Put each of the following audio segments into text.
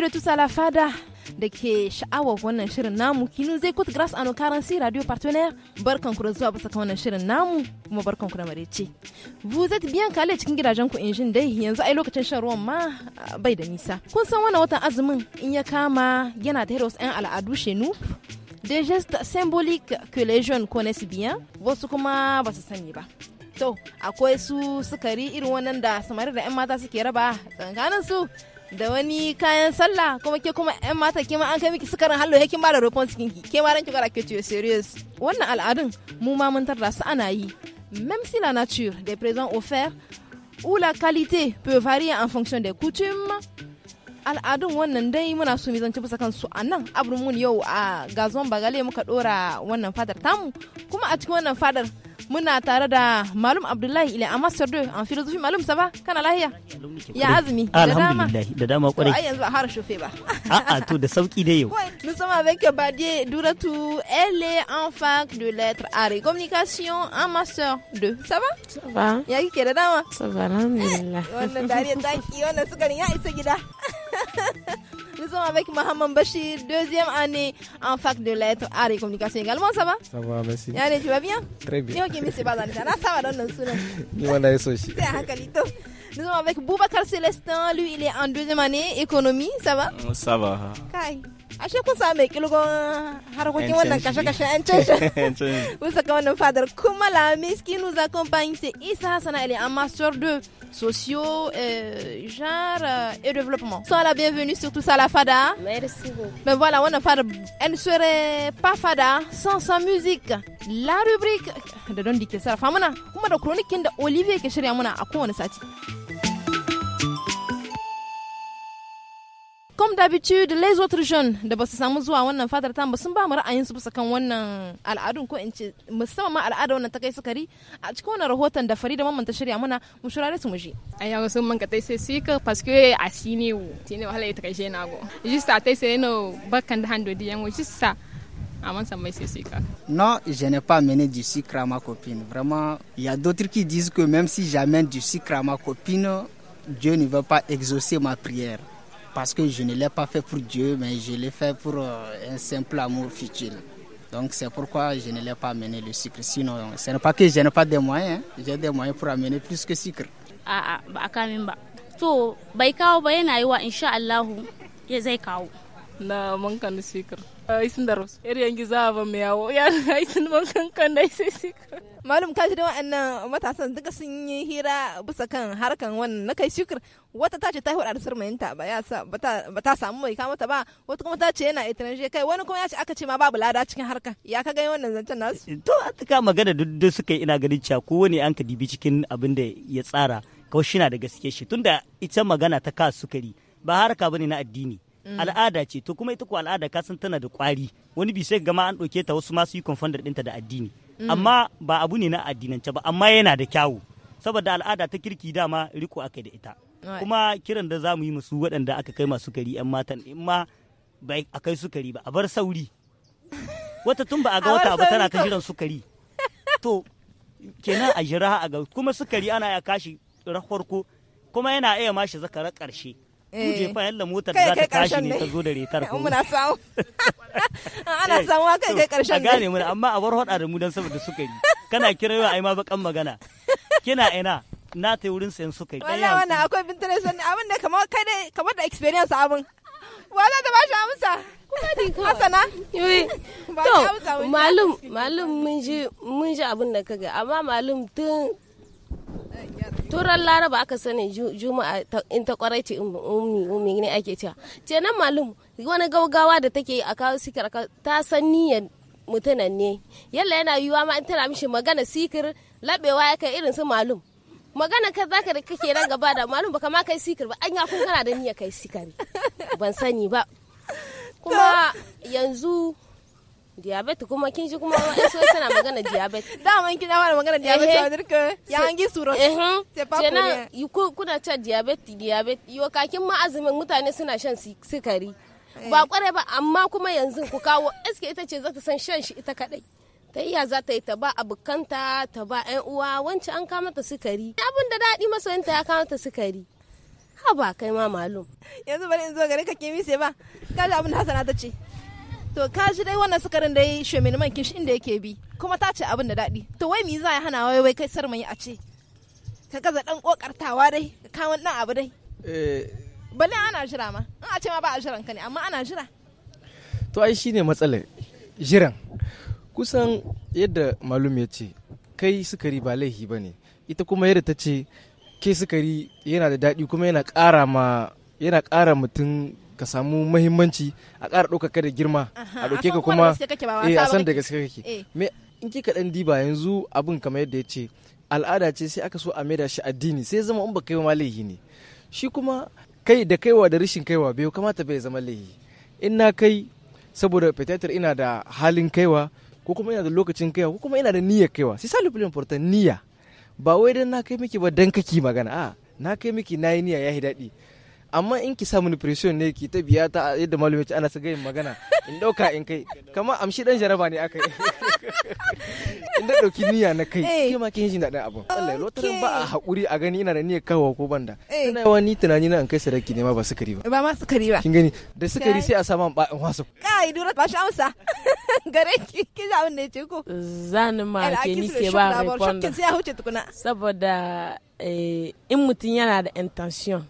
amis tusa la fada da ke sha'awar wannan shirin namu kinu zai kutu grass a currency radio partenaire barkan ku zuwa bisa wannan shirin namu kuma barkan ku da marece vous êtes bien cikin gidajen ku injin dai yanzu ai lokacin shan ruwan ma bai da nisa kun san wannan watan azumin in ya kama yana da wasu 'yan al'adu shenu des gestes symboliques que les jeunes connaissent bien wasu kuma ba su sani ba to akwai su sukari irin wannan da samari da 'yan mata suke raba tsakanin su da wani kayan sallah kuma ke kuma yan mata ke ma an kai miki sukarin hallo ya kin ba da roƙon cikin ki ke ma ranki gara ke ciyo serious wannan al'adun mu ma mun tarda su ana yi même si la nature des présents offerts ou la qualité peut varier en fonction des coutumes al'adun wannan dai muna so mu zance bisa kansu a nan abrumun yau a gazon bagale muka dora wannan fadar tamu kuma a cikin wannan fadar muna tare da Malum Abdullahi ile a Master 2 an filosofi Malum sa ba kana lahiya ya azumi alhamdulillah da dama kwarai ai yanzu a har shofe ba a to da sauki dai yau nous sommes avec Badie Douratou elle est en fac de lettres arts et communication en Master 2 ça va ça va ya ki da dama ça va alhamdulillah wannan dariya taki wannan sukarin ya isa gida Nous sommes avec Mohamed Bachir, deuxième année en fac de lettres, arts et communication également, ça va Ça va, merci. Allez, tu vas bien Très bien. Ok, c'est ça va dans le Nous sommes avec Boubacar Célestin, lui il est en deuxième année, économie, ça va Ça va. Kai ashe kun samu mai kilgon harkokin wannan kashe-kashe an shi usa ga wannan fadar kuma la qui nous accompagne c'est Issa Hassan elle est en master 2 sociaux euh, genre euh, et développement sois la bienvenue sur tout ça la fada merci beaucoup mais ben voilà wannan fadar elle ne serait pas fada sans sa musique la rubrique da don dicter sarrafa mana kuma da kronikin da Olivier ke shirya muna a kowane sati comme d'habitude les autres jeunes de ba samu zuwa wannan fadar ta sun ba mu ra'ayin su bisa kan wannan al'adun ko in musamman al'ada wannan a cikin wannan rahoton da Farida Mamman ta shirya mana mu su je ka sai parce que a sine sine wala juste sai no bakkan da hando di yango ça ah, Non, je n'ai pas amené du sucre à ma copine. Vraiment, il y a d'autres qui disent que même si j'amène du sucre à ma copine, Dieu ne veut pas exaucer ma prière parce que je ne l'ai pas fait pour Dieu, mais je l'ai fait pour euh, un simple amour futile. Donc c'est pourquoi je ne l'ai pas amené le sucre. Sinon, ce n'est pas que je n'ai pas de moyens, hein. j'ai des moyens pour amener plus que sucre. Ah, ah, To, bai kawo ba zai kawo. sucre. isin da ros yar yangi za a ba mai yawo ya isin ban kankan da sai sai malum kaji da wa'annan matasan duka sun yi hira bisa kan harkan wannan na kai shukr wata ta ce ta hura da surmayinta ba ya sa ba ta samu mai kama ta ba wata kuma ta ce yana etranger kai wani kuma ya ce aka ce ma babu lada cikin harka ya ka gani wannan zancen nasu to a kama gada duk suka yi ina ganin cewa ko wani an ka dibi cikin abin da ya tsara kawai shi na da gaske shi tunda ita magana ta ka sukari ba harka bane na addini Mm. al'ada ce to kuma ita ko al'ada ka san tana da kwari wani bi sai gama an ɗauke ta wasu masu yi confounder ɗinta da addini mm. amma ba abu ne na addinance ba amma yana da kyawu saboda al'ada ta kirki dama riko aka da ita kuma kiran da za mu yi musu waɗanda aka kai masu kari 'yan matan in ma ba a kai sukari ba a bar sauri wata tun ba a ga wata ba tana ta jiran sukari to kenan a jira a ga kuma sukari ana ya kashi farko kuma yana iya mashi zakarar karshe. kuje eh, fa yalla motar za ta tashi ne ta zo da retar ko muna samu ana eh, samu kai kai karshen a gane muna amma a bar hoda da mu dan saboda suka yi kana kirewa ai ma bakan magana kina ina na ta wurin sayan sukari. yi wallahi wannan akwai bintare san abin da kamar kai dai kamar da experience abin wa za ta bashi amsa Asana? To, malum, malum mun ji abin da kaga, amma malum tun turan laraba aka sani juma'a in ta kwarai ce um-, ummi ne ake cewa ce nan malum wani gaugawa da take a kawo sikir ta san niyyar mutunan ne yalla yana yiwuwa ma in tana mishi magana sikir labewa ya kai irin su malum magana ka ka da kake nan gaba da malum baka ma kai sikir ba an ya kun kana da niyyar kai sikari ban sani ba kuma yanzu diabet kuma kin ji kuma wani so sana magana diabet da kina wani magana diabet a dirka ya hangi suro c'est pas kuna ta diabet diabet yo kakin ma azumin mutane suna shan sikari eh. ba kware ba amma kuma yanzu ku kawo eske ita ce zata san shan shi ita kadai ta iya za ta yi ta ba abokanta ta ba yan uwa wancan an kama ta sukari abin da daɗi masoyinta ya kama ta sukari ha ba kai ma malum yanzu bari in zo gare ka kemi sai ba kaji abin da hasana ta ce to ka ji dai wannan sukarin dai shemini man kishi inda yake bi kuma ta ce abin da daɗi to wai mi za a hana wai wai kai sar mai a ce ka gaza dan kokartawa dai ka wani dan abu dai eh. bale ana jira ma in a ce ma ba a jiran ka ne amma ana jira to ai shine matsalar jiran kusan yadda malum ya ce kai sukari ba laihi ba ne ita kuma yadda ta ce ke sukari yana da daɗi kuma yana ƙara ma yana ƙara mutum ka samu mahimmanci a ƙara ɗaukaka da girma a ɗauke ka kuma eh, a san da gaske kake eh. me in ki kaɗan diba yanzu abin kamar yadda ya ce al'ada ce sai aka so a maida shi addini sai zama in ba kai ma laihi ne shi kuma kai da kaiwa da rashin kaiwa bai kamata bai zama laihi in na kai saboda fitatar ina da halin kaiwa ko kuma ina da lokacin kaiwa ko kuma ina da niyya kaiwa sai salu filin niyya ba wai dan na kai miki ba dan kaki magana a na kai miki na yi niyya ya daɗi amma in ki sa mini ne ki ta biya ta yadda malumi ce ana sa gayin magana in dauka in kai kamar amshi dan jaraba ne aka yi in da dauki niyya na kai eh. ke ma kin jin dadin abun Allah lotarin ba a hakuri a gani ina da niyyar kawo ko banda eh. ina yawa ni tunani na an kai sadaki ne ma ba sukari ba ba ma sukari ba kin gani da sukari sai a sa man ba'in wasu kai dura ba sha amsa gare ki ki za mun ne ce ko zan ma ke ni ke ba saboda eh, in mutum yana da intention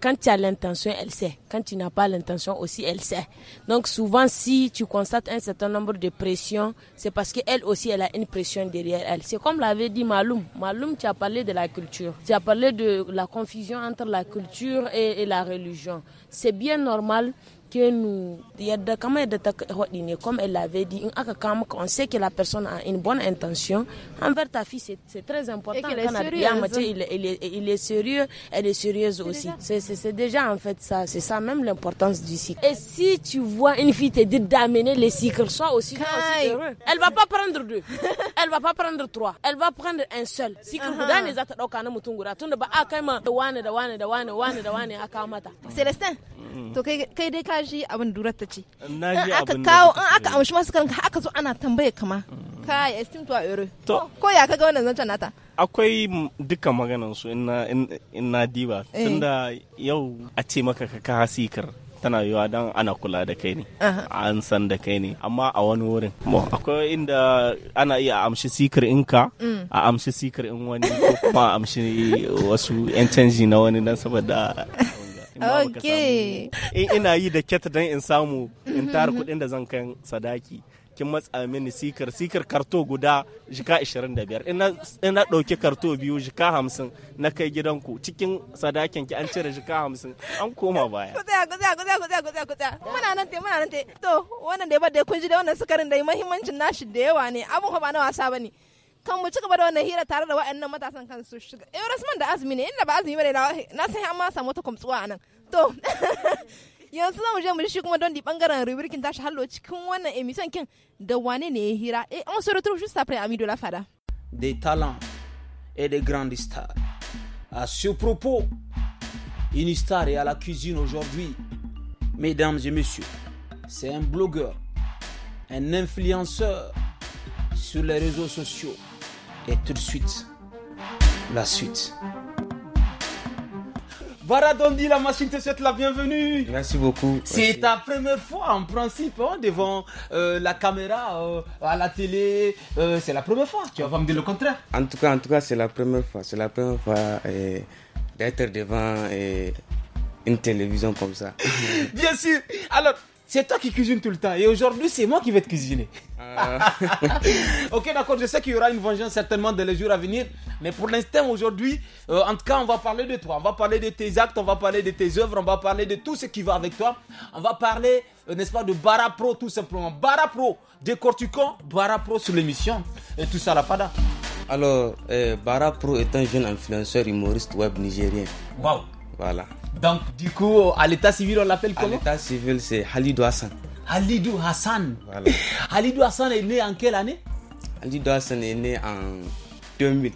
Quand tu as l'intention, elle sait. Quand tu n'as pas l'intention aussi, elle sait. Donc souvent, si tu constates un certain nombre de pressions, c'est parce qu'elle aussi, elle a une pression derrière elle. C'est comme l'avait dit Maloum. Maloum, tu as parlé de la culture. Tu as parlé de la confusion entre la culture et, et la religion. C'est bien normal nous comme elle l'avait dit on sait que la personne a une bonne intention envers ta fille c'est très important il est, il, est, il est, sérieux elle est sérieuse aussi c'est déjà en fait ça c'est ça même l'importance du cycle et si tu vois une fille te dire d'amener les cycles soit aussi, heureux elle va pas prendre deux elle va pas prendre trois elle va prendre un seul cycle c'est uh-huh. ah, Célestin, ji abin durar ta ce in aka kawo in aka amshi masu kanka aka zo ana tambaye kama ka ya esteem to a euro ko ya kaga wannan zancen nata akwai duka maganan su in na diba eh. tunda yau a ce maka ka kaha sikar. tana yiwa don ana kula da kai ne an san da kai ne amma a wani wurin akwai inda ana iya amshi sikar in ka. Mm. a amshi sikar in wani ko kuma amshi wasu yan canji na wani don saboda in ina yi da ket don in samu in tara mm-hmm. kudin da zan kan sadaki kin matsa mini sikar sikar karto guda jika 25 ina ɗauki karto biyu jika 50 na kai gidanku cikin sadakin ki an cire jika 50 an koma baya kuta kuta kuta kuta kuta kuta muna nan te muna nan te to wannan da ya bada kun ji da wannan sukarin da muhimmancin nashi da yawa ne abun ba na wasa bane kan mu ci gaba da wannan hira tare da waɗannan matasan kansu shiga eh rasman da azumi ne inda ba azumi bane na san an ma samu ta kumtsuwa anan to yanzu zamu je mu shi kuma don di bangaren rubrikin tashi hallo cikin wannan emission kin da wane ne ya hira eh on se retrouve juste après ami de la fada des talents et des grandes stars à ce propos une star est à la cuisine aujourd'hui mesdames et messieurs c'est un blogueur un influenceur sur les réseaux sociaux et tout de suite, la suite. Baradondi, la machine te souhaite la bienvenue. Merci beaucoup. C'est ta première fois en principe hein, devant euh, la caméra, euh, à la télé. Euh, c'est la première fois. Tu vas me dire le contraire. En tout cas, en tout cas, c'est la première fois. C'est la première fois d'être devant une télévision comme ça. Bien sûr. Alors, c'est toi qui cuisines tout le temps. Et aujourd'hui, c'est moi qui vais te cuisiner. Euh. ok, d'accord, je sais qu'il y aura une vengeance certainement dans les jours à venir. Mais pour l'instant, aujourd'hui, euh, en tout cas, on va parler de toi. On va parler de tes actes, on va parler de tes œuvres, on va parler de tout ce qui va avec toi. On va parler, euh, n'est-ce pas, de Bara Pro tout simplement. Bara Pro, décortiquons Bara Pro sur l'émission. Et tout ça la pada. Alors, eh, Bara Pro est un jeune influenceur humoriste web nigérien. Waouh! Voilà. Donc, du coup, à l'état civil, on l'appelle comment À l'état civil, c'est Halidou Hassan. Halidou Hassan. Voilà. Halidou Hassan est né en quelle année Halidou Hassan est né en 2000.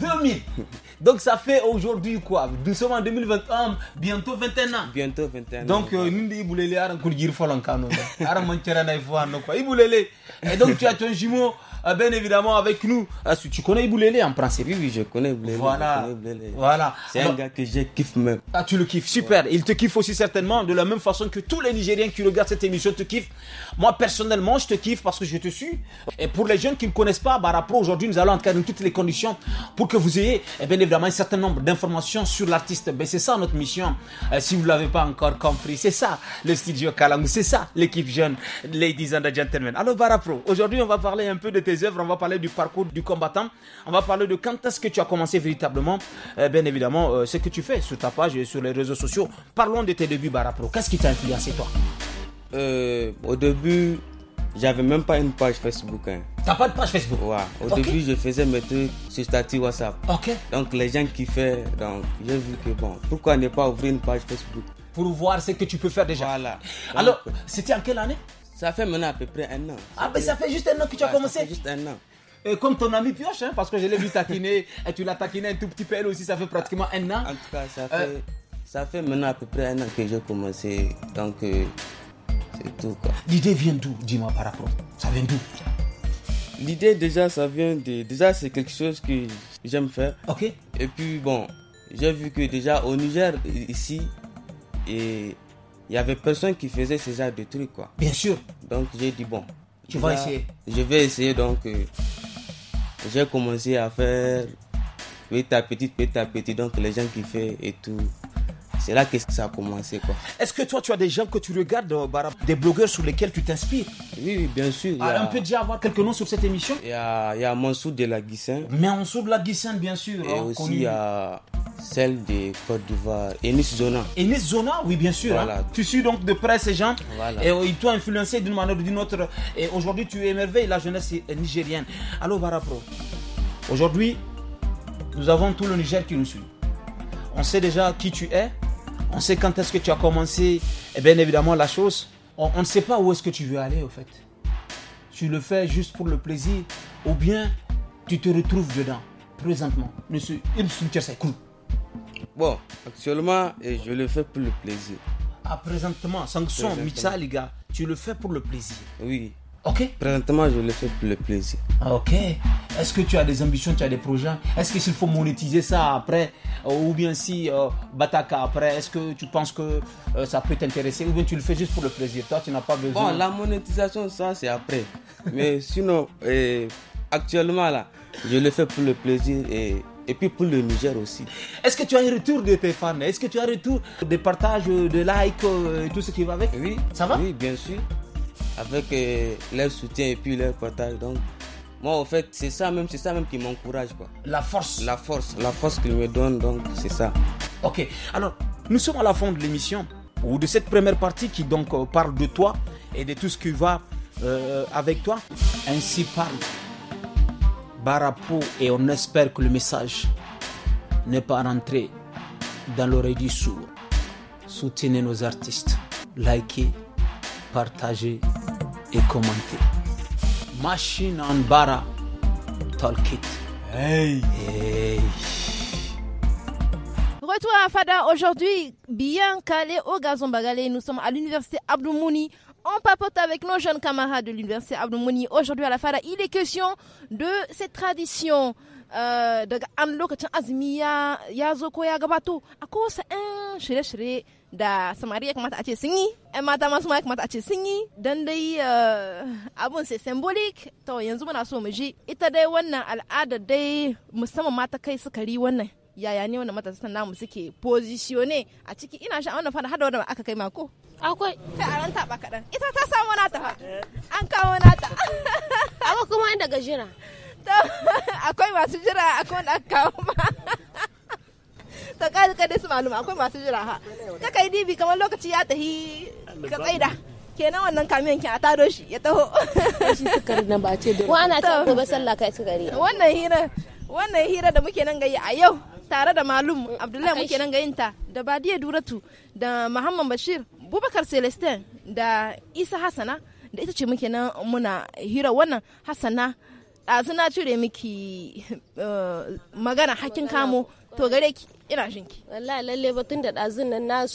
2000 Donc ça fait aujourd'hui quoi Doucement 2021, bientôt 21 ans. Bientôt 21 ans. Donc nous il voulait aller un de quoi. Il Et donc tu as ton jumeau ah, bien évidemment avec nous. Ah, tu connais Iboulélé en principe Oui, oui, je connais Iboulélé. Voilà. voilà. C'est un gars que je kiffe même. Ah, tu le kiffes, super. Il te kiffe aussi certainement de la même façon que tous les Nigériens qui regardent cette émission te kiffent. Moi, personnellement, je te kiffe parce que je te suis. Et pour les jeunes qui ne connaissent pas Barapro, aujourd'hui, nous allons dans toutes les conditions pour que vous ayez, eh bien évidemment, un certain nombre d'informations sur l'artiste. Ben, c'est ça notre mission. Euh, si vous ne l'avez pas encore compris, c'est ça le studio Kalamou, c'est ça l'équipe jeune, ladies and gentlemen. Alors, Barapro, aujourd'hui, on va parler un peu de tes œuvres, on va parler du parcours du combattant, on va parler de quand est-ce que tu as commencé véritablement, euh, bien évidemment, euh, ce que tu fais sur ta page et sur les réseaux sociaux. Parlons de tes débuts Pro, Qu'est-ce qui t'a influencé toi euh, Au début, j'avais même pas une page Facebook. Hein. T'as pas de page Facebook Au début, je faisais mes trucs sur statut WhatsApp. Ok. Donc les gens qui font, donc j'ai vu que bon, pourquoi ne pas ouvrir une page Facebook Pour voir ce que tu peux faire déjà. Voilà. Alors, c'était en quelle année ça fait maintenant à peu près un an. Ah, mais ça fait juste un an que tu as commencé juste un an. Et euh, comme ton ami Pioche, hein, parce que je l'ai vu taquiner, et tu l'as taquiné un tout petit peu, elle aussi, ça fait pratiquement un an. En tout cas, ça euh, fait, ça fait maintenant à peu près un an que j'ai commencé. Donc, euh, c'est tout L'idée vient d'où, dis-moi par rapport Ça vient d'où L'idée, déjà, ça vient de. Déjà, c'est quelque chose que j'aime faire. Ok. Et puis, bon, j'ai vu que déjà au Niger, ici, et il y avait personne qui faisait ce genre de trucs quoi. Bien sûr. Donc j'ai dit bon. Tu vas essayer. Je vais essayer donc euh, j'ai commencé à faire petit à petit, petit à petit, donc les gens qui font et tout. C'est là que ça a commencé quoi. Est-ce que toi tu as des gens que tu regardes, euh, des blogueurs sur lesquels tu t'inspires oui, bien sûr. Ah, on peut déjà avoir quelques noms sur cette émission Il y a, il de la Guissin. Mais Mansour de la Guissin, bien sûr. Et hein, aussi il y a celle de Côte d'Ivoire, Enis Zona. Enis Zona, oui, bien sûr. Hein. Tu suis donc de près ces gens. Et oh, ils t'ont influencé d'une manière ou d'une autre. Et aujourd'hui, tu émerveilles la jeunesse nigérienne. Alors, Pro aujourd'hui, nous avons tout le Niger qui nous suit. On sait déjà qui tu es. On sait quand est-ce que tu as commencé. Et bien évidemment, la chose, on, ne sait pas où est-ce que tu veux aller, au fait. Tu le fais juste pour le plaisir ou bien tu te retrouves dedans, présentement. Monsieur c'est cool. Bon, actuellement, je le fais pour le plaisir. Ah, présentement, sanction, Mitsa, les gars, tu le fais pour le plaisir. Oui. Ok. Présentement, je le fais pour le plaisir. Ah, ok. Est-ce que tu as des ambitions, tu as des projets Est-ce qu'il faut monétiser ça après euh, Ou bien si euh, Bataka après, est-ce que tu penses que euh, ça peut t'intéresser Ou bien tu le fais juste pour le plaisir Toi, tu n'as pas besoin. Bon, la monétisation, ça, c'est après. Mais sinon, euh, actuellement, là, je le fais pour le plaisir et et puis pour le Niger aussi. Est-ce que tu as un retour de tes fans Est-ce que tu as un retour de partage, de likes, euh, Et tout ce qui va avec Oui. Ça va Oui, bien sûr. Avec euh, leur soutien et puis leur partage. Donc, moi, en fait, c'est ça même, c'est ça même qui m'encourage. Quoi. La force. La force. La force qu'ils me donnent, donc, c'est ça. Ok. Alors, nous sommes à la fin de l'émission, ou de cette première partie qui donc euh, parle de toi et de tout ce qui va avec toi. Ainsi parle Barapo et on espère que le message n'est pas rentré dans l'oreille du sourd. Soutenez nos artistes, likez, partagez et commentez. Machine en Bara, Talk it. Retour à Fada aujourd'hui, bien calé au gazon bagalé. Nous sommes à l'université Mouni. On papote avec nos jeunes camarades de l'université Abdoumouni. Aujourd'hui à la Fara, il est question de cette tradition euh, de an lokacin azumi yazo ko gabato hein? da samari kuma ta ce sun Et 'yan mata masu ma ya ce sun don dai abun sai symbolic to yanzu muna so mu ji ita dai wannan al'ada dai musamman mata kai yaya ne wanda matasa namu suke positione a ciki ina sha wannan fada hada wanda aka kai mako akwai ta aran ba kadan ita ta samu nata fa an kawo nata amma kuma inda gajira akwai masu jira akwai wanda aka kawo ma ta kare kada su maluma akwai masu jira ha ta kai dibi kamar lokaci ya tahi ka tsaida kenan wannan kamiyan ki a taro shi ya taho shi sukari nan ba a ce dole ko ana ta sallah kai sukari wannan hira wannan hira da muke nan gayi a yau tare da malum mm, abdullahi muke nan gayinta da badiya duratu da muhammad bashir bubakar celestin da isa hasana da ita ce muke nan muna hira wannan hassana ɗazu na cire miki eh, magana hakin kamo to gare ki ina shinki wallahi lalle batun da ɗazun nan na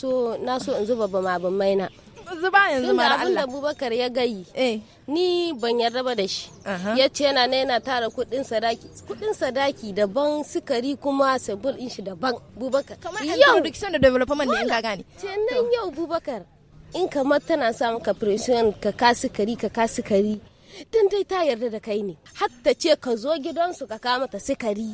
so in zuba ba bama na. zuba yanzu mara Allah. Tunda Abubakar ya gayi. Eh. Ni ban yarda ba da shi. Ya ce yana na yana tara kudin sadaki. kudin sadaki daban sukari kuma sabul ɗin shi daban. Abubakar. Kamar introduction da development ne in ka gane. Ce nan yau Bubakar In kamar tana samun ka pression ka kasu kari ka kasu kari. Dan dai ta yarda da kai ne. Hatta ce ka zo gidansu ka kama ta sikari.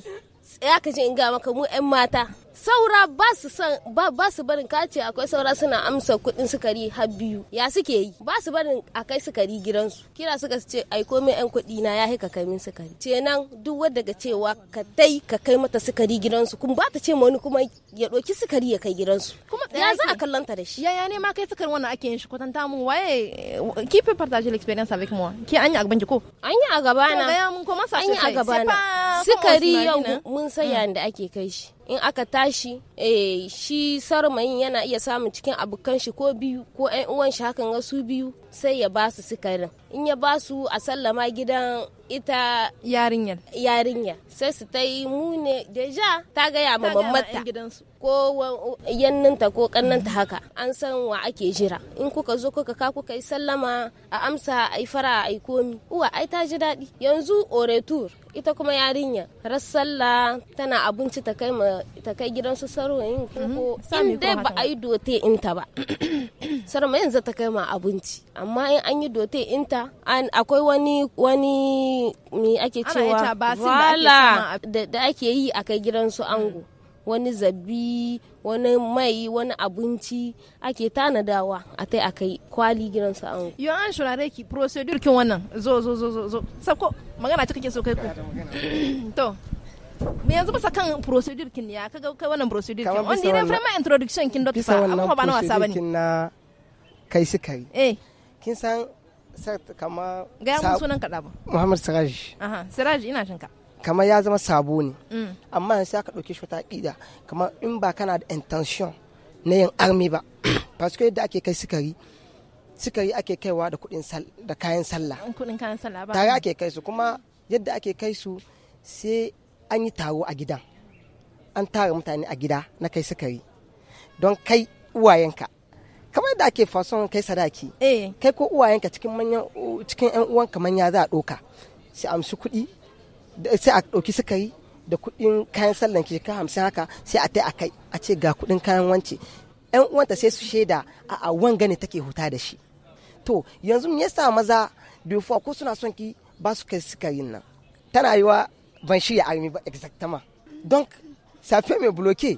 ya ka je in ga maka mu 'yan mata. saura ba su san ba su barin kace akwai saura suna amsa kuɗin sukari har biyu ya suke yi ba su barin akai sukari gidansu kira suka ce ai komai yan kudi na ya ka kai min sukari kenan duk wanda ga cewa ka dai ka kai mata sukari gidansu kuma ba ta ce ma wani kuma ya ɗauki sukari ya kai gidansu kuma ya za a kallanta da shi yaya ne ma kai sukari wannan ake yin shi kwatanta mun waye ki fi partage l'experience avec moi ki an yi a gaban ko an yi a gabana an yi a gabana sukari yau mun san mm. yanda ake kai shi in aka tashi eh, shi sarmayin yana iya samun cikin abokan shi ko biyu ko yan uwan shi hakan ga su biyu sai ya ba su sikarin in ya ba su a sallama gidan ita yarinyar yarinya sai su ta yi mune deja ta gaya ma mamata ko yanninta ko kannanta haka an san wa ake jira in kuka zo kuka ka kuka yi sallama a amsa a yi fara a yi komi uwa ai ta ji daɗi yanzu oretur ita kuma yarinya rassalla tana abinci ta kai ma ta kai gidansu sarwayin mhm. ko in dai ba a yi dote inta ba sarma yanzu ta kai ma abinci amma in an yi dote inta akwai wani wani mi ake cewa wala da ake yi a kai gidansu ango wani zabi wani mai wani abinci ake tanadawa a tai akai kwali gidansu ango yo an shurare ki procedure kin wannan zo zo zo zo zo sako magana ta kake so kai ku to me yanzu basa kan procedure kin ya kaga kai wannan procedure kin on dire frame introduction kin doctor amma ba na wasa bane na kai suka yi eh kin san kama gaya mun sunan ka ba. muhammad siraji aha siraji ina shinka kamar ya zama sabo ne mm. amma sai aka ɗauke shi wata ƙida kamar in ba kana da intention na yin army ba parce que yadda ake kai sukari sukari ake kaiwa da kuɗin da kayan sallah kuɗin kayan sallah ba tare ake kai su kuma yadda ake kai su sai an yi taro a gidan an tara mutane a gida na kai sukari don kai uwayenka kamar da ake fason kai sadaki eh. kai ko uwayenka cikin manyan cikin yan uwanka manya za a ɗoka. sai amshi kuɗi sai a ɗauki yi da kuɗin kayan sallan ki ka hamsin haka sai a tai a kai a ce ga kuɗin kayan wance yan uwanta sai su shaida a a wanga ne take huta da shi to yanzu me yasa maza before ko suna son ki ba su kai sukarin nan tana yiwa ban shirya armi ba exactement donc safe fait me bloquer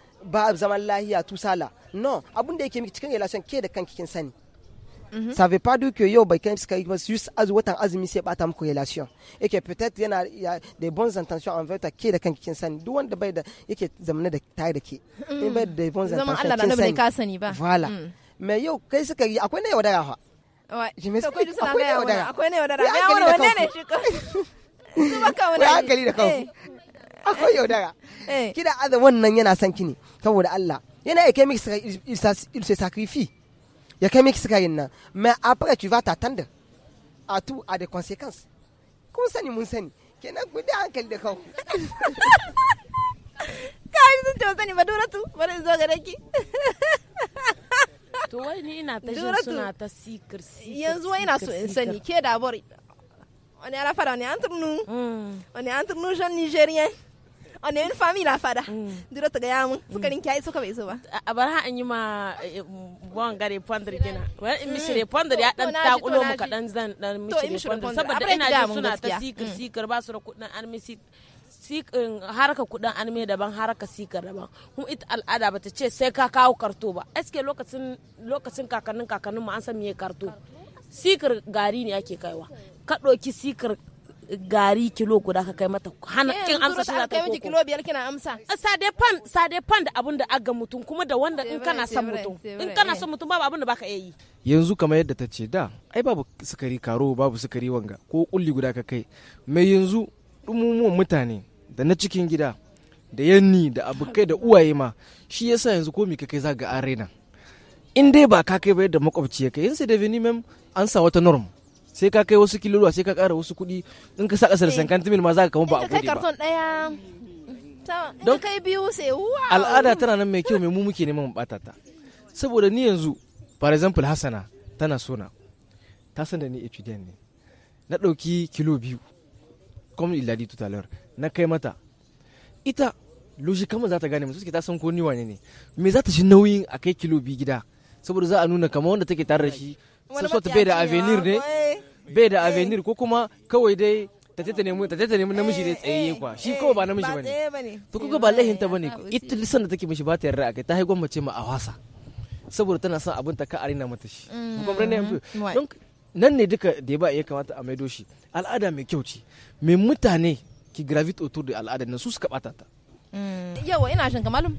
ba zaman tout ça no abun da yake miki relation ke da kanki kin sani mhm. ça veut pas dire que yo bai juste azu azumi peut-être y ya des bonnes intentions envers ta ke da kanki kin sani duk mm. bonnes intentions voilà mm. mais il y a des akwai ne ne akwai yaudara eh. eh. kida aza wannan yana san ki ne saboda Allah yana ya kai miki il se sacrifie ya kai miki sikarin nan mais après tu vas t'attendre à tout à des conséquences kun sani mun sani kenan ku da hankali da kawo kai sun ce sani ba duratu bari zo gare ki to wai ni ina ta jin suna ta sikir sikir yanzu wai ina so in sani ke da bori on est à la fin on est entre mm. nous on est entre nous jeunes nigériens on yin fami na fada mm. dura ta gaya mun sukarin mm. ya suka bai so ba a bar an yi ma bon gare pondar gina wani in mishi mm. pondar ya dan takulo mu kadan zan dan mishi pondar saboda ina ji suna ta sikir sikir ba su da kudin an mishi haraka kudin mai daban haraka sikar daban kuma ita al'ada bata ce sai ka kawo karto ba eske lokacin lokacin kakannin kakannin mu an san meye karto sikar gari ne ake kaiwa ka ɗauki sikar gari kilo guda ka kai mata hana eh, kin amsa za ta koko kilo biyar kina amsa sa dai pan sa dai pan da abin da aga mutum kuma da wanda in kana son mutum in kana eh. son mutum babu abin da baka iya yi yanzu kamar yadda ta ce da ai babu sukari karo babu sukari wanga ko kulli guda ka kai mai yanzu dumumuwan mutane da na cikin gida da yanni da abokai da uwaye ma shi yasa yanzu komi ka kai za ga arena in dai ba ka kai ba yadda makwabci ya kai yanzu da vini an sa wata norm sai ka kai wasu kilowa sai ka kara wasu kuɗi in ka sa ƙasar eh. sankantimil ma za ka kama ba a kuɗi ba don kai biyu sai al'ada tana nan mai kyau mai mu muke neman bata ta saboda ni yanzu for example hasana tana sona ta san da ni epidian ne na ɗauki kilo biyu Kuma il a dit tout na kai mata ita kama za ta gane mu suke ta san ko ni wane ne me za ta shi nauyin a kai kilo biyu gida saboda za a nuna kama wanda take tare da shi ta bai da avenir ne eh. bai da eh. avenir ko kuma kawai dai ta ta nemi namiji ne eh, tsaye kwa shi kawai ba namiji bane to kuka ba lahin ta bane ita lissan da take mishi ba ta yarda akai ta haigon mace ma a wasa saboda tana son abin ta ka arena mata shi mm. nan ne duka da ba iya kamata a maido shi al'ada mai kyau ce mai mutane ki gravit autour da al'adar nan su suka bata ta mm. yawa ina shan kamalum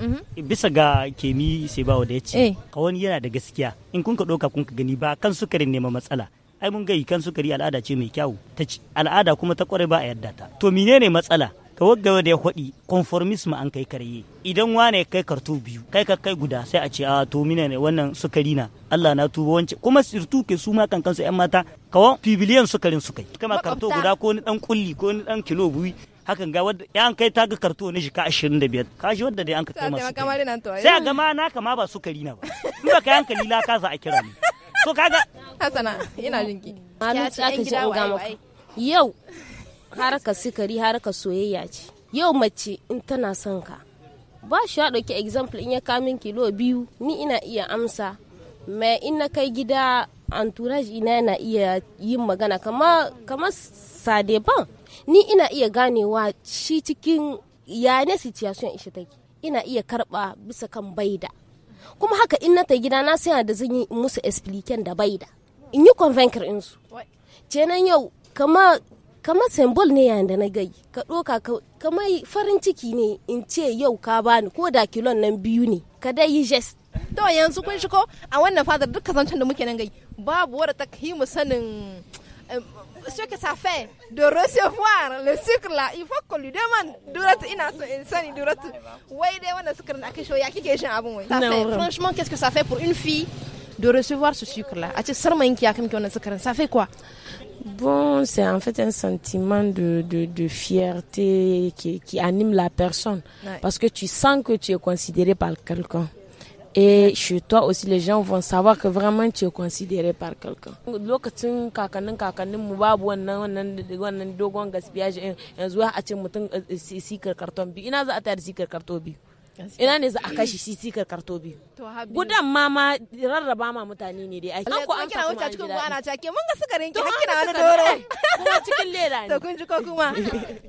Mhm. bisa ga kemi sai bawa da ya ce eh. wani yana da gaskiya in kun ka ɗauka kun ka gani ba kan sukarin nema matsala ai mun gai kan sukari al'ada ce mai kyau ta al'ada kuma ta kware ba a yarda ta to ne matsala ka wagga da ya hwaɗi conformism an kai karye idan wane kai karto biyu kai ka kai guda sai a ce a ah, to mina ne wannan sukari na Allah na tuba wance kuma sirtu ke su ma kan kansu yan mata kawo fibiliyan sukarin sukai kama karto guda ko ni dan kulli ko ni dan kilo buyi hakan ga wadda yan kai ta ga karto ne shi ka 25 kashi wadda dai an ka kai masu sai a gama na kama ba sukari na ba in ba ka yanka lila ka za a kira ni so kaga hasana ina jinki malu ta ka ji oga maka yau haraka sukari haraka soyayya ce yau mace in tana son ka ba shi ya dauki example in ya kamin kilo biyu ni ina iya amsa mai in na kai gida entourage ina yana iya yin magana kama kama sade ban ni ina iya ganewa shi cikin ya ne situation ishe take ina iya karba bisa kan baida kuma haka in na ta gida na sai da zan yi musu expliken da baida in yi convincer in su kenan yau kama kama symbol ne yayin da na gai ka doka kama farin ciki ne in ce yau ka bani ko da kilon nan biyu ne ka dai yi jest to yanzu kun shigo a wannan fadar duk kasancen da muke nan gai babu wadda ta yi mu sanin ce que ça fait de recevoir le sucre là, il faut qu'on lui demande Franchement, qu'est-ce que ça fait pour une fille de recevoir ce sucre là ça fait quoi Bon, c'est en fait un sentiment de, fierté qui, anime la personne. Parce que tu sens que tu es considéré par quelqu'un. Et chez toi aussi, les gens vont savoir que vraiment tu es considéré par quelqu'un. Lokacin kakannin kakannin mu babu wannan wannan wannan dogon gaskiya eh, yanzu a ce mutum eh, eh, sikar karton biyu ina za a tayar sikar karton biyu. ina ne za a kashi shi sisi karto biyu gudan ma ma rarraba ma mutane ne dai ake an ko an kira wuce cikin ku ana cake mun ga sukarin ki hakina wani doro kuma cikin leda ne to kun ji ko kuma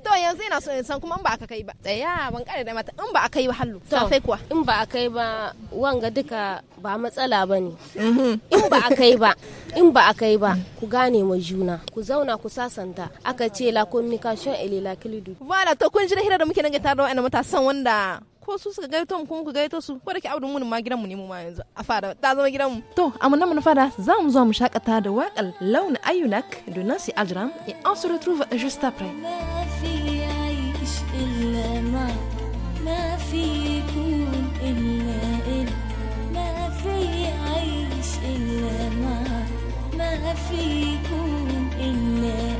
to yanzu ina so in san kuma in ba aka kai ba tsaya ban kare da mata in ba aka yi ba hallu to kai kuwa in ba aka yi ba wanga duka ba matsala bane mhm. in ba aka yi ba in ba aka yi ba ku gane ma juna ku zauna ku sasanta aka ce la communication et la clé du voilà to kun ji da hira da muke nan ga tare da wa'annan matasan wanda ko su suka gaito mu kuma ku gaito su ko da ke aure mun ma gidan mu ne mu ma yanzu a fara ta zama gidan mu to a mun mun fara za mu zo mu shakata da waƙar launa ayunak da nasi ajram et on se retrouve juste après ما في يكون إلا إل ما في عيش إلا ما ما في يكون إلا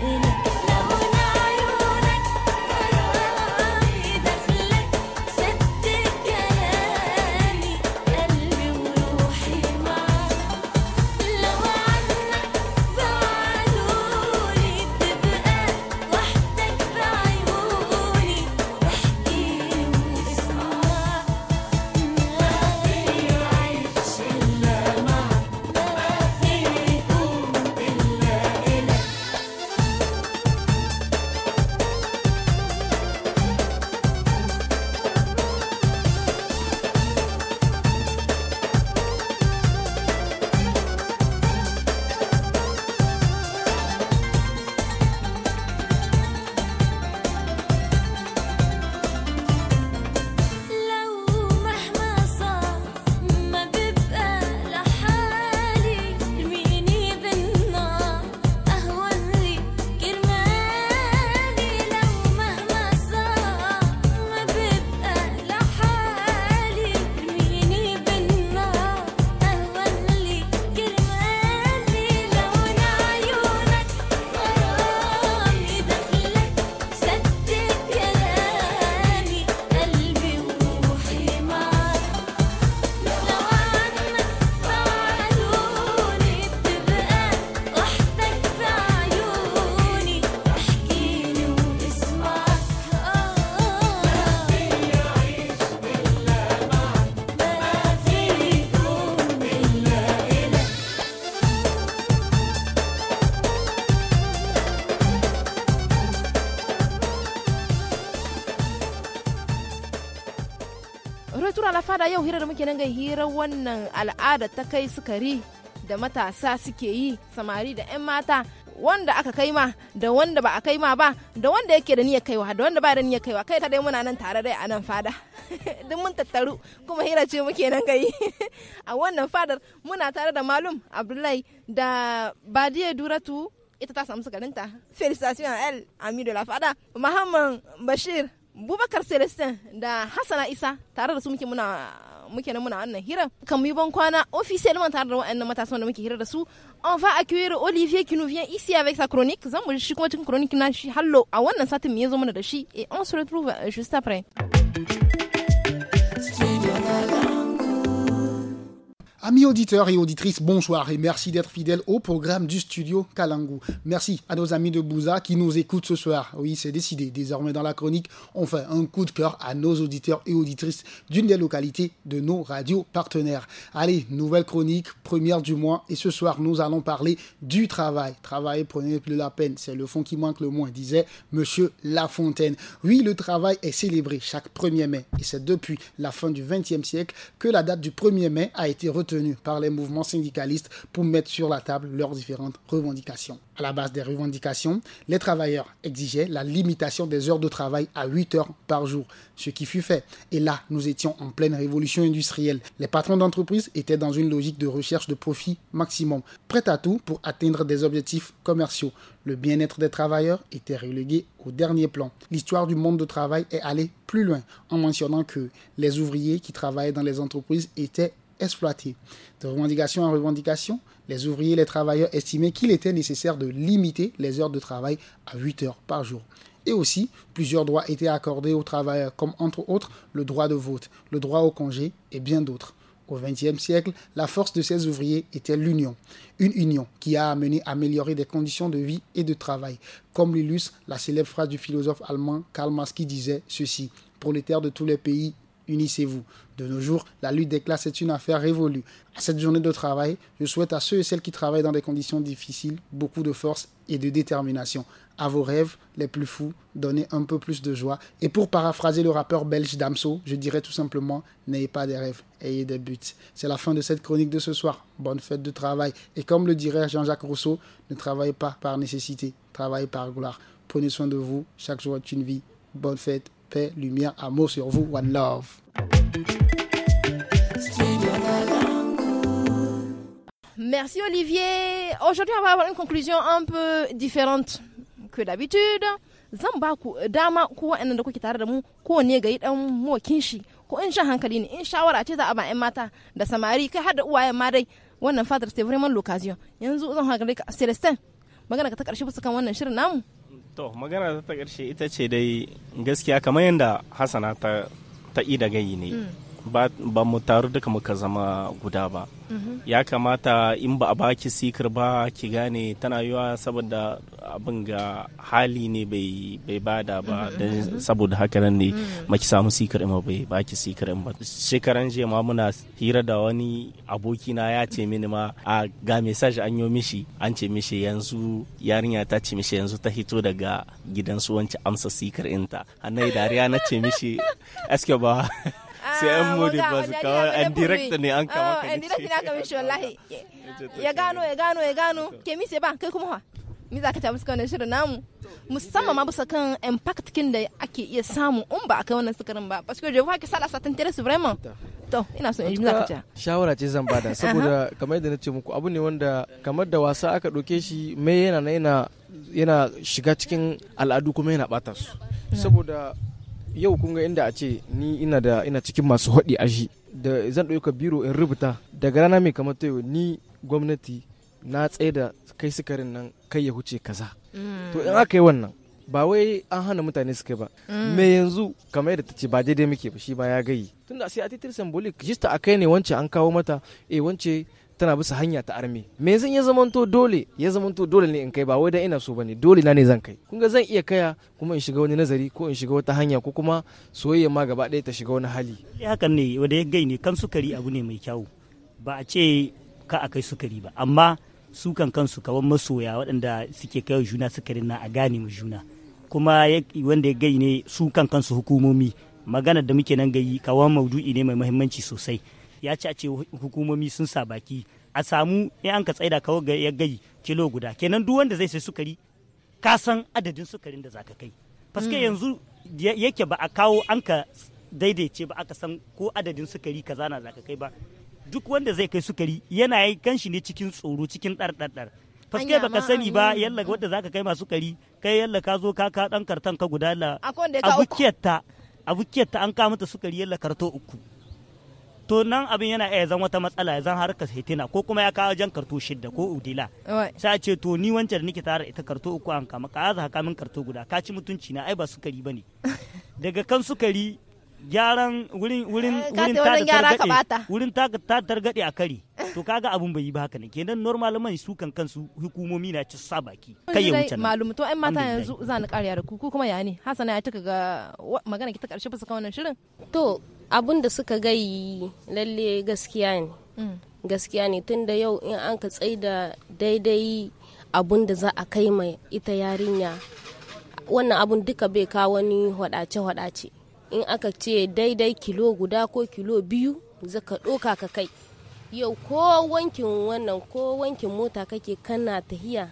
saurara yau hira da muke nan ga hirar wannan al'ada ta kai sukari da matasa suke yi samari da 'yan mata wanda aka kai ma da wanda ba a kai ma ba da wanda yake da niyyar kaiwa da wanda ba da niyyar kaiwa kai ta dai muna nan tare dai a nan fada duk mun tattaru kuma hira ce muke nan gai a wannan fadar muna tare da malum abdullahi da badiye duratu ita ta samu sukarinta felicitation l ami de fada muhammad bashir Bubakar Celestin da Hassana Isa tare da su muke muna muke nan muna wannan hira kan mu bon kwana officiellement tare da wa'annan matasan da muke hira da su on va accueillir Olivier qui nous vient ici avec sa chronique zan mu shi kuma cikin chronique na shi hallo a wannan satin me yazo mana da shi et on se retrouve euh, juste après Amis auditeurs et auditrices, bonsoir et merci d'être fidèles au programme du studio Kalangu. Merci à nos amis de Bouza qui nous écoutent ce soir. Oui, c'est décidé. Désormais dans la chronique, on fait un coup de cœur à nos auditeurs et auditrices d'une des localités de nos radios partenaires. Allez, nouvelle chronique, première du mois. Et ce soir, nous allons parler du travail. Travail, prenez plus la peine. C'est le fond qui manque le moins, disait Monsieur Lafontaine. Oui, le travail est célébré chaque 1er mai. Et c'est depuis la fin du 20e siècle que la date du 1er mai a été retenue par les mouvements syndicalistes pour mettre sur la table leurs différentes revendications. À la base des revendications, les travailleurs exigeaient la limitation des heures de travail à 8 heures par jour, ce qui fut fait. Et là, nous étions en pleine révolution industrielle. Les patrons d'entreprise étaient dans une logique de recherche de profit maximum, prêts à tout pour atteindre des objectifs commerciaux. Le bien-être des travailleurs était relégué au dernier plan. L'histoire du monde de travail est allée plus loin en mentionnant que les ouvriers qui travaillaient dans les entreprises étaient de revendication en revendication, les ouvriers et les travailleurs estimaient qu'il était nécessaire de limiter les heures de travail à 8 heures par jour. Et aussi, plusieurs droits étaient accordés aux travailleurs, comme entre autres le droit de vote, le droit au congé et bien d'autres. Au XXe siècle, la force de ces ouvriers était l'union. Une union qui a amené à améliorer des conditions de vie et de travail, comme l'illustre la célèbre phrase du philosophe allemand Karl Marx qui disait ceci Prolétaires de tous les pays, unissez-vous. De nos jours, la lutte des classes est une affaire révolue. À cette journée de travail, je souhaite à ceux et celles qui travaillent dans des conditions difficiles beaucoup de force et de détermination. À vos rêves les plus fous, donnez un peu plus de joie. Et pour paraphraser le rappeur belge Damso, je dirais tout simplement n'ayez pas des rêves, ayez des buts. C'est la fin de cette chronique de ce soir. Bonne fête de travail. Et comme le dirait Jean-Jacques Rousseau, ne travaillez pas par nécessité, travaillez par gloire. Prenez soin de vous. Chaque jour est une vie. Bonne fête paix, lumière, amour sur vous. One love. Merci Olivier. Aujourd'hui, on va avoir une conclusion un peu différente que d'habitude. zan ba ku dama ko wa'annan da kuke tare da mu ko kowane ga yi dan mokin shi ko in shan hankali ne in shawara ce za a ba 'yan mata da samari kai har da uwayen ma dai wannan fadar c'est vraiment l'occasion yanzu zan hankali ka celestin magana ka ta karshe bisa kan wannan shirin namu to magana ta ƙarshe ita ce dai gaskiya kamar yadda Hassana ta ta da gayi ne mm. ba mu taru duka muka zama guda ba mhm. ya kamata in ba a baki sikir ba ki gane tana yiwa saboda abin ga hali ne bai bada ba mhm, don mhm, saboda haka nan ne maki mm. samu sikir ma bai baki sikir ba shekaran jiya ma muna hira da wani aboki na ya ce mini ma a ga message an yo mishi an ce mishi yanzu yarinya ta ce mishi yanzu ta hito daga gidan su wancan amsa sikir inta annai dariya na ce mishi eske ba sai an ah, mode ba su kawo an direct ne an kama ah, ka an direct ne aka mishi wallahi ya gano ya gano ya gano ke mi ba kai kuma wa mi za ka ta musu wannan shirin namu musamman ma bisa kan impact kin da ake iya samu in ba a kai wannan sukarin ba parce que je vois que ça la ça t'intéresse vraiment to ina so in ji za ka ta shawara ce zan bada saboda kamar yadda na ce muku abu ne wanda kamar da wasa aka doke shi me yana yana yana shiga cikin al'adu kuma yana bata su hmm. saboda yau kun ga inda a ce ni ina da ina cikin masu haɗi a shi da zan ɗauka biro in rubuta daga rana mai kamar ta ni gwamnati na tsaye da kai sukarin nan kai ya huce kaza to in aka yi wannan ba wai an hana mutane suka ba mm. me yanzu kamar yadda ta ce ba daidai muke ba shi ba ya gayi tunda sai a titir symbolic jista a kai ne wance an kawo mata eh wance tana bisa hanya ta arme me zan ya zamanto dole ya zamanto dole ne in kai ba wai dan ina so bane dole na ne zan kai kun zan iya kaya kuma in shiga wani nazari ko in shiga wata hanya ko kuma soyayya ma gaba ɗaya ta shiga wani hali hakan ne wanda ya gai ne kan sukari abu ne mai kyau ba a ce ka a kai sukari ba amma su kan kansu kawan masoya waɗanda suke kai juna sukarin na a gane mu juna kuma wanda ya gai ne su kansu hukumomi magana da muke nan gayi kawan maudu'i ne mai muhimmanci sosai ya ci a ce hukumomi sun sa baki a samu in an ka tsaida kawo ga gai kilo guda kenan duk wanda zai sai sukari ka san adadin sukarin da zaka kai paske hmm. yanzu yake ba a kawo an ka daidaice ba aka san ko adadin sukari kaza na zaka kai ba duk wanda zai kai sukari yana yi kanshi ne cikin tsoro cikin ɗarɗarɗar faske baka sani ba yalla wanda zaka kai masu kari kai yalla ka zo ka ka dan kartan ka guda la abukiyarta abukiyarta an ka mata sukari yalla karto uku to nan abin yana iya zan wata matsala zan har ka hitina ko kuma ya kawo jan karto shidda ko udila sai a ce to ni wancan da nake tara ita karto uku an kama ka za ka min karto guda ka ci mutunci na ai ba sukari bane daga kan sukari gyaran wurin wurin eh, wurin ta targade wurin ta ta targade a kari to kaga abun bai yi ba haka ne kenan normal man su kan kansu hukumomi na ci sabaki kai ya wuce malum to ai mata yanzu za ni ƙarya da ku kuma ya ne hasana ya tuka ga magana ki ta karshe su kan wannan shirin to abun da suka gayi lalle gaskiya ne mm. gaskiya ne tun da yau in an ka tsaida daidai abun da za a kai mai ita yarinya wannan abun duka bai kawo wani hwadace-hwadace in aka ce daidai kilo guda ko kilo biyu zaka ɗoka ka kai yau ko wankin wannan ko wankin mota kake kana tahiya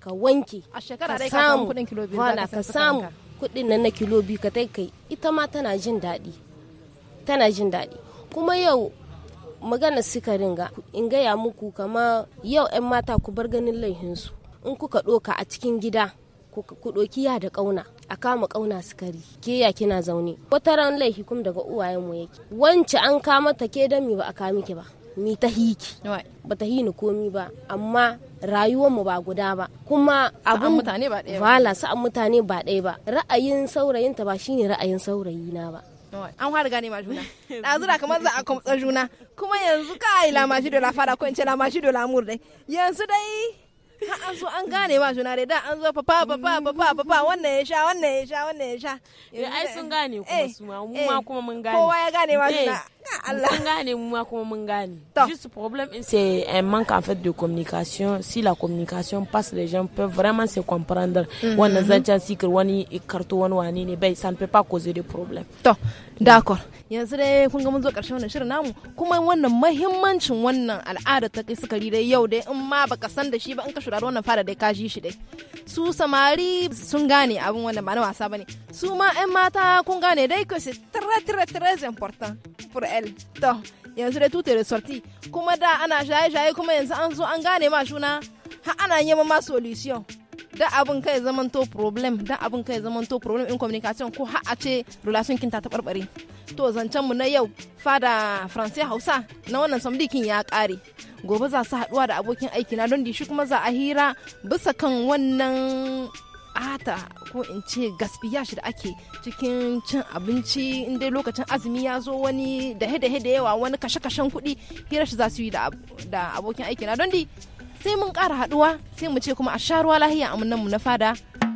ka wanke a shekara dai ka samu kudin kilo biyu ka samu kudin nan na kilo biyu ka kai ita ma tana jin daɗi tana jin daɗi kuma yau magana suka ringa. in gaya muku kama yau 'yan mata ku bar ganin laihinsu in kuka ɗoka a cikin gida ku ɗoki ya da ƙauna a kama ƙauna sukari ke ya kina zaune wata ran laifi kuma daga mu yake wance an kama ta ke dan ba a kama ki ba mi ta hiki ba ta hini komi ba amma rayuwarmu ba guda ba kuma abun mutane ba ɗaya ba mutane ba ɗaya ba ra'ayin saurayinta ba shine ra'ayin saurayina ba an fara gane ma juna ɗazu da kamar za a kwamtsa juna kuma yanzu kai lamashi da lafara ko in ce lamashi da lamur dai yanzu dai ha an zo an gane ma juna dai da an zo papa papa papa papa wannan ya sha wannan ya sha wannan ya sha eh, ai sun gane kuma eh, su ma mu eh, ma kuma mun gane kowa ya gane ma juna Allah. Mun gane ma kuma mun Juste problème c'est un manque en fait de communication. Si la communication passe les gens peuvent vraiment se comprendre. Mm -hmm. wani karto wani wani ne ça ne peut pas causer de problème. d'accord. Yanzu dai kun ga mun zo karshen wannan shirin namu kuma wannan muhimmancin wannan al'ada ta kai sukari dai yau dai in ma baka san da shi ba in ka shurari wannan fara dai ka ji shi dai. Su samari sun gane abin wannan ba na wasa bane. Su ma ƴan mata kun gane dai ko c'est très très très important. fur'el to yanzu dai tutar sorti kuma da ana shaye-shaye kuma yanzu an zo an gane ma juna har ana yamma ma solution da abin kai zaman to problem da abin kai zaman to problem in communication ko ha a ce relation kinta ta barbare to zancen mu na yau fada france hausa na wannan samdikin ya kare gobe za su haduwa da abokin aiki na don shi kuma za a hira bisa kan wannan bukata ko in ce gaskiya shi da ake cikin cin abinci in dai lokacin azumi ya zo wani da hede da yawa wani kashe-kashen kuɗi hira shi za su yi da abokin aiki na don di sai mun ƙara haɗuwa sai mu ce kuma a sha ruwa lahiya amunan mu na fada